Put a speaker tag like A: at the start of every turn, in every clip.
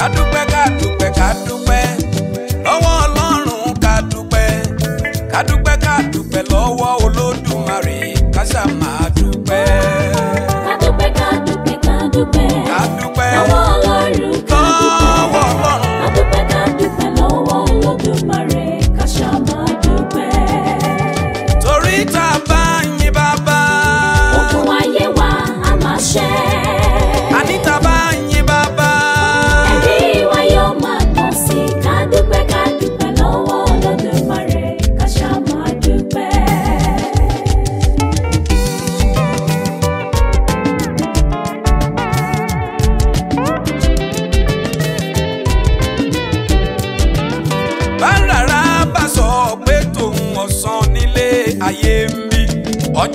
A: ká dúpẹ́ ká dúpẹ́ ká dúpẹ́ lọ́wọ́ ọlọ́run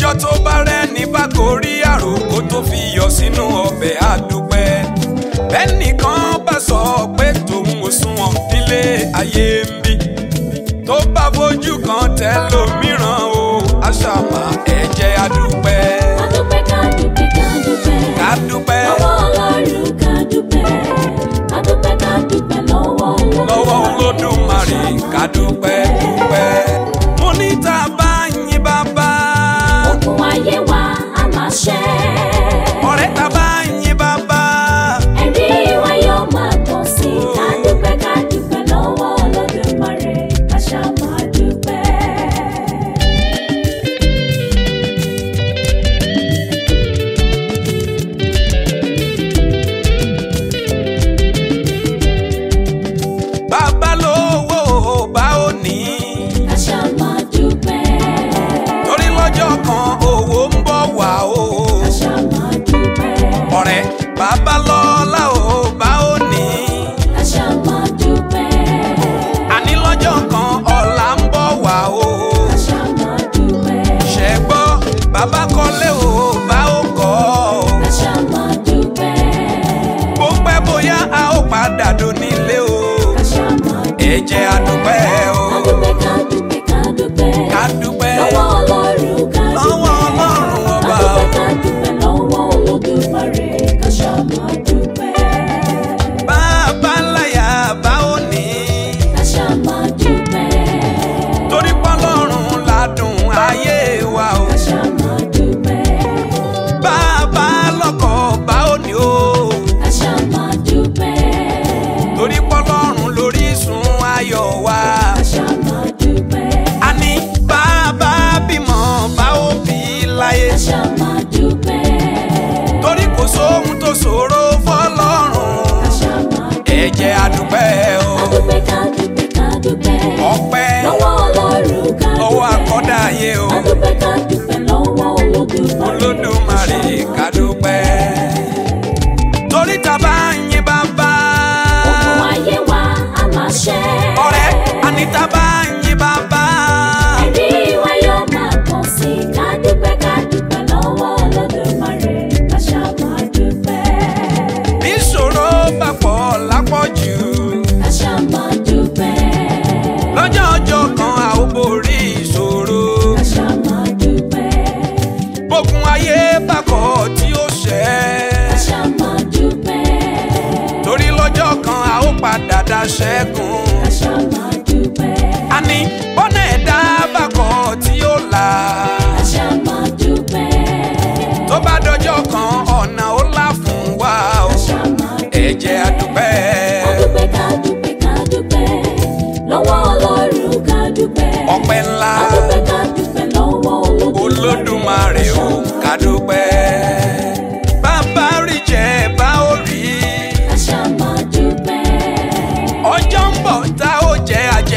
A: níjọ́ tó bá rẹ́ni bá gorí àròkó tó fi yọ sínú ọbẹ̀ àdúpẹ́ bẹ́nìkan bá sọ pé tòun ò sunwọ̀n nílé ayé mi. lé o bá ó kọ́ ọ. àṣà yìí kádó. chegou.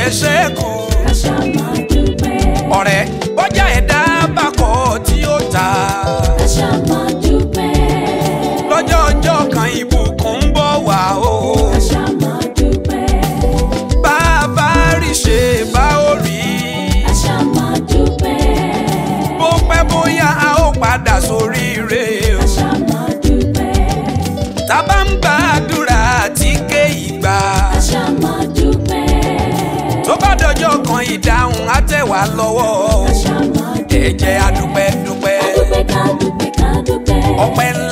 A: ẹsẹ̀ kan. ọ̀rẹ́. kan ìdáhùn á tẹ̀ wá lọ́wọ́ o ẹ jẹ́ adúpẹ́ dúpẹ́ ọpẹ́ ńlá.